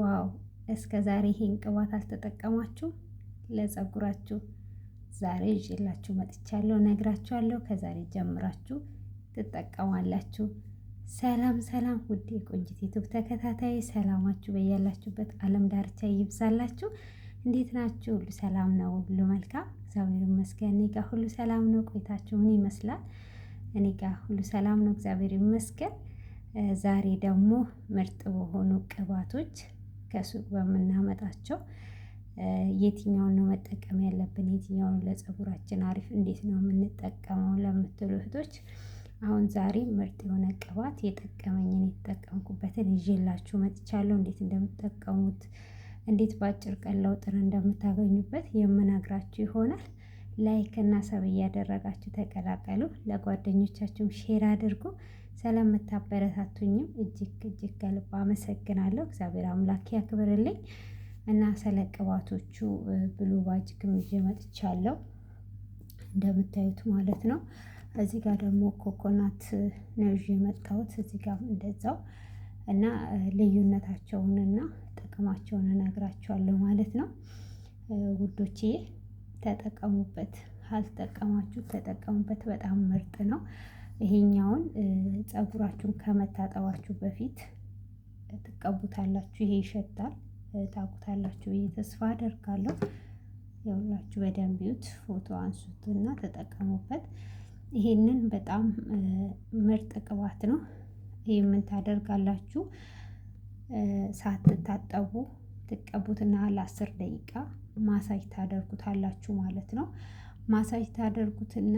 ዋው! እስከ ዛሬ ይሄን ቅባት አልተጠቀማችሁ ለጸጉራችሁ ዛሬ ይዤላችሁ መጥቻለሁ፣ ነግራችኋለሁ። ከዛሬ ጀምራችሁ ትጠቀማላችሁ። ሰላም ሰላም፣ ውድ የቆንጂት ዩቱብ ተከታታይ ሰላማችሁ በያላችሁበት አለም ዳርቻ ይብዛላችሁ። እንዴት ናችሁ? ሁሉ ሰላም ነው? ሁሉ መልካም እግዚአብሔር ይመስገን። እኔ ጋር ሁሉ ሰላም ነው። ቆይታችሁ ምን ይመስላል? እኔ ጋር ሁሉ ሰላም ነው፣ እግዚአብሔር ይመስገን። ዛሬ ደግሞ ምርጥ በሆኑ ቅባቶች ከሱቅ በምናመጣቸው የትኛውን ነው መጠቀም ያለብን የትኛውን ለጸጉራችን አሪፍ እንዴት ነው የምንጠቀመው ለምትሉ እህቶች አሁን ዛሬ ምርጥ የሆነ ቅባት የጠቀመኝን የተጠቀምኩበትን ይዤላችሁ መጥቻለሁ። እንዴት እንደምትጠቀሙት እንዴት በአጭር ቀን ለውጥን እንደምታገኙበት የምነግራችሁ ይሆናል። ላይክ እና ሰብ እያደረጋችሁ ተቀላቀሉ። ለጓደኞቻችሁም ሼር አድርጉ። ስለምታበረታቱኝም እጅግ እጅግ ከልብ አመሰግናለሁ። እግዚአብሔር አምላክ ያክብርልኝ እና ስለ ቅባቶቹ ብሉ ባጅ ግምጄ መጥቻለሁ እንደምታዩት ማለት ነው። እዚህ ጋር ደግሞ ኮኮናት ነው ይዤ የመጣሁት እዚህ ጋር እንደዛው እና ልዩነታቸውንና ጥቅማቸውን እነግራቸዋለሁ ማለት ነው ውዶቼ። ተጠቀሙበት። ካልተጠቀማችሁ ተጠቀሙበት በጣም ምርጥ ነው። ይሄኛውን ፀጉራችሁን ከመታጠባችሁ በፊት ትቀቡታላችሁ። ይሄ ይሸታል ታቁታላችሁ ብዬ ተስፋ አደርጋለሁ። የሁላችሁ በደንብ እዩት፣ ፎቶ አንሱትና ተጠቀሙበት። ይሄንን በጣም ምርጥ ቅባት ነው። ይሄ ምን ታደርጋላችሁ ሳትታጠቡ ትቀቡትና ለአስር ደቂቃ ማሳጅ ታደርጉታላችሁ ማለት ነው። ማሳጅ ታደርጉትና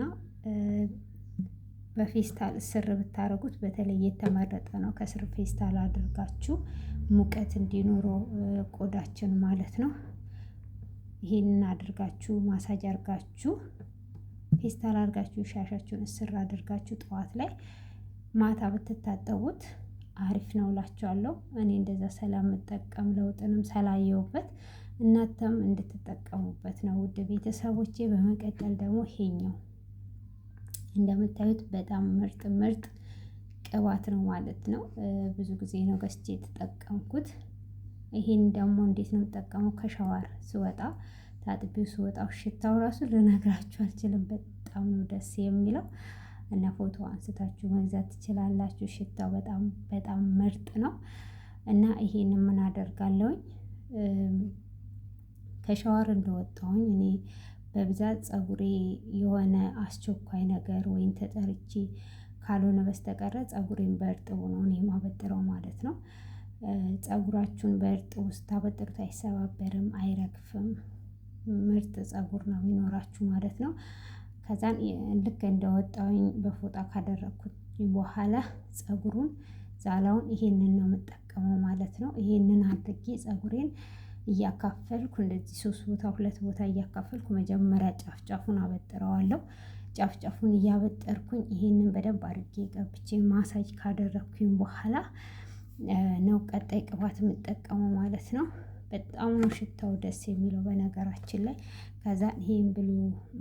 በፌስታል ስር ብታደርጉት በተለይ የተመረጠ ነው። ከስር ፌስታል አድርጋችሁ ሙቀት እንዲኖረው ቆዳችን ማለት ነው። ይሄንን አድርጋችሁ ማሳጅ አድርጋችሁ ፌስታል አድርጋችሁ ሻሻችሁን እስር አድርጋችሁ ጠዋት ላይ ማታ ብትታጠቡት አሪፍ ነው እላችኋለሁ። እኔ እንደዛ ስለምጠቀም ለውጥንም ሰላየውበት እናንተም እንድትጠቀሙበት ነው ውድ ቤተሰቦቼ። በመቀጠል ደግሞ ይሄኛው እንደምታዩት በጣም ምርጥ ምርጥ ቅባት ነው ማለት ነው። ብዙ ጊዜ ነው ገዝቼ የተጠቀምኩት። ይሄን ደግሞ እንዴት ነው የምጠቀመው? ከሸዋር ስወጣ ታጥቢው ስወጣው ሽታው ራሱ ልነግራችሁ አልችልም። በጣም ነው ደስ የሚለው እና ፎቶ አንስታችሁ መግዛት ትችላላችሁ። ሽታው በጣም በጣም ምርጥ ነው እና ይሄን ምን አደርጋለሁኝ ከሻወር እንደወጣሁኝ እኔ በብዛት ፀጉሬ የሆነ አስቸኳይ ነገር ወይም ተጠርቼ ካልሆነ በስተቀረ ፀጉሬን በእርጥቡ ነው እኔ የማበጥረው ማለት ነው። በእርጥ በእርጥቡ ስታበጥሩት አይሰባበርም አይረግፍም ምርጥ ፀጉር ነው የሚኖራችሁ ማለት ነው። ከዛን ልክ እንደወጣውኝ በፎጣ ካደረግኩት በኋላ ፀጉሩን ዛላውን ይሄንን ነው የምጠቀመው ማለት ነው። ይሄንን አድርጌ ፀጉሬን እያካፈልኩ እንደዚህ ሶስት ቦታ ሁለት ቦታ እያካፈልኩ መጀመሪያ ጫፍ ጫፉን አበጥረዋለሁ። ጫፍ ጫፉን እያበጠርኩኝ ይሄንን በደንብ አድርጌ ቀብቼ ማሳጅ ካደረኩኝ በኋላ ነው ቀጣይ ቅባት የምጠቀመው ማለት ነው በጣም ነው ሽታው ደስ የሚለው በነገራችን ላይ ከዛ ይሄን ብሉ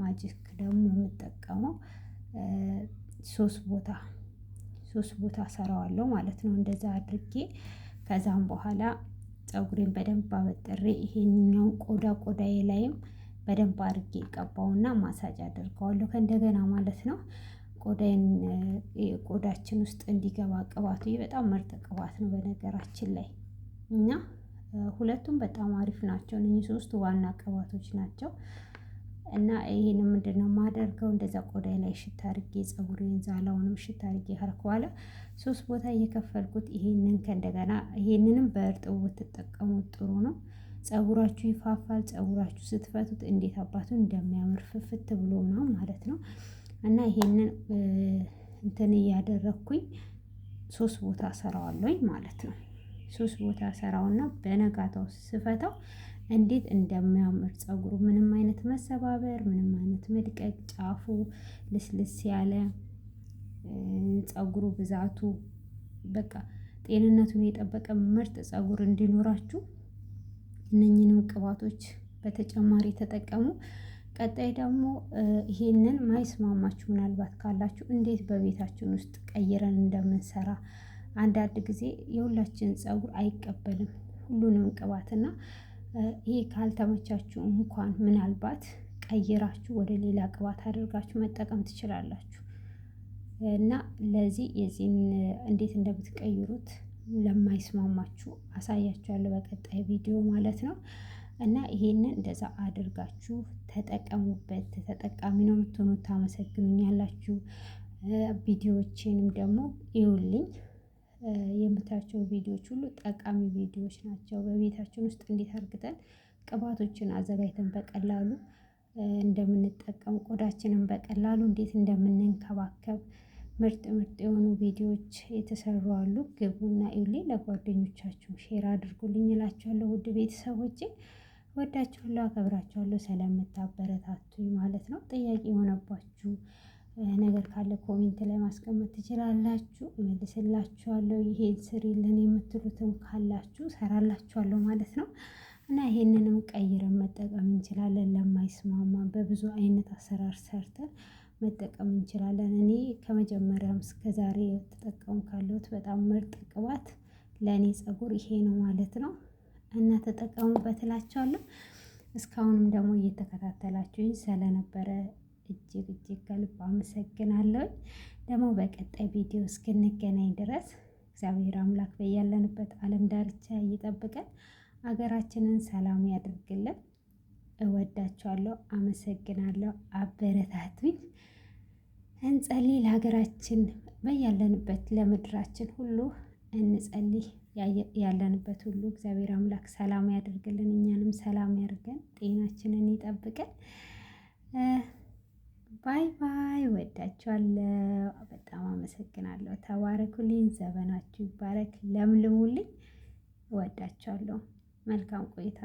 ማጂክ ደግሞ የምጠቀመው ሶስት ቦታ ሶስት ቦታ እሰራዋለሁ ማለት ነው። እንደዛ አድርጌ ከዛም በኋላ ፀጉሬን በደንብ አበጥሬ ይሄኛው ቆዳ ቆዳዬ ላይም በደንብ አድርጌ እቀባውና ማሳጅ አድርገዋለሁ ከእንደገና ማለት ነው። ቆዳዬን ቆዳችን ውስጥ እንዲገባ ቅባቱ በጣም ምርጥ ቅባት ነው በነገራችን ላይ እና ሁለቱም በጣም አሪፍ ናቸው። እነዚህ ሶስቱ ዋና ቅባቶች ናቸው። እና ይሄንን ምንድነው የማደርገው? እንደዛ ቆዳዬ ላይ ሽታ አድርጌ ፀጉሬን ዛላውንም ሽታ አድርጌ ካረኩ በኋላ ሶስት ቦታ እየከፈልኩት ይሄንን ከእንደገና ይሄንንም በእርጥቡ ብትጠቀሙት ጥሩ ነው። ጸጉራችሁ ይፋፋል ጸጉራችሁ ስትፈቱት እንዴት አባቱ እንደሚያምር ፍፍት ብሎ ነው ማለት ነው። እና ይሄንን እንትን እያደረግኩኝ ሶስት ቦታ ሰራዋለኝ ማለት ነው ሶስት ቦታ ሰራውና በነጋታው ስፈታው እንዴት እንደሚያምር ፀጉሩ ምንም አይነት መሰባበር፣ ምንም አይነት መድቀቅ፣ ጫፉ ልስልስ ያለ ፀጉሩ ብዛቱ በቃ ጤንነቱን የጠበቀ ምርጥ ፀጉር እንዲኖራችሁ እነኝንም ቅባቶች በተጨማሪ ተጠቀሙ። ቀጣይ ደግሞ ይሄንን ማይስማማችሁ ምናልባት ካላችሁ እንዴት በቤታችን ውስጥ ቀይረን እንደምንሰራ አንዳንድ ጊዜ የሁላችን ፀጉር አይቀበልም ሁሉንም ቅባት ይህ ይሄ ካልተመቻችሁ እንኳን ምናልባት ቀይራችሁ ወደ ሌላ ቅባት አድርጋችሁ መጠቀም ትችላላችሁ። እና ለዚህ የዚህን እንዴት እንደምትቀይሩት ለማይስማማችሁ አሳያችኋለሁ በቀጣይ ቪዲዮ ማለት ነው። እና ይሄንን እንደዛ አድርጋችሁ ተጠቀሙበት ተጠቃሚ ነው የምትሆኑት ታመሰግኑኛላችሁ። ቪዲዮዎቼንም ደግሞ ይውልኝ። የምታያቸው ቪዲዮዎች ሁሉ ጠቃሚ ቪዲዮዎች ናቸው። በቤታችን ውስጥ እንዴት አርግተን ቅባቶችን አዘጋጅተን በቀላሉ እንደምንጠቀም ቆዳችንን በቀላሉ እንዴት እንደምንንከባከብ ምርጥ ምርጥ የሆኑ ቪዲዮዎች የተሰሩ አሉ። ግቡና እዩልኝ ለጓደኞቻችሁ ሼር አድርጉልኝ እላችኋለሁ። ውድ ቤተሰቦቼ እወዳችኋለሁ፣ አከብራችኋለሁ ስለምታበረታቱኝ ማለት ነው። ጥያቄ የሆነባችሁ ነገር ካለ ኮሜንት ላይ ማስቀመጥ ትችላላችሁ፣ እመልስላችኋለሁ። ይሄን ስሪልን የምትሉትም ካላችሁ ሰራላችኋለሁ ማለት ነው። እና ይሄንንም ቀይረን መጠቀም እንችላለን። ለማይስማማ በብዙ አይነት አሰራር ሰርተን መጠቀም እንችላለን። እኔ ከመጀመሪያም እስከ ዛሬ የተጠቀሙ ካለሁት በጣም ምርጥ ቅባት ለእኔ ፀጉር ይሄ ነው ማለት ነው። እና ተጠቀሙበት እላችኋለሁ። እስካሁንም ደግሞ እየተከታተላችሁኝ ስለነበረ እጅግ እጅግ ከልብ አመሰግናለሁ። ደግሞ በቀጣይ ቪዲዮ እስክንገናኝ ድረስ እግዚአብሔር አምላክ በያለንበት ዓለም ዳርቻ እይጠብቀን ሀገራችንን ሰላም ያድርግልን። እወዳችኋለሁ። አመሰግናለሁ። አበረታቱኝ። እንጸልይ። ለሀገራችን በያለንበት ለምድራችን ሁሉ እንጸልይ። ያለንበት ሁሉ እግዚአብሔር አምላክ ሰላም ያደርግልን፣ እኛንም ሰላም ያደርገን፣ ጤናችንን ይጠብቀን። ባይ ባይ። ወዳችኋለሁ። በጣም አመሰግናለሁ። ተባረኩልኝ። ዘመናችሁ ይባረክ። ለምልሙልኝ። ወዳችኋለሁ። መልካም ቆይታ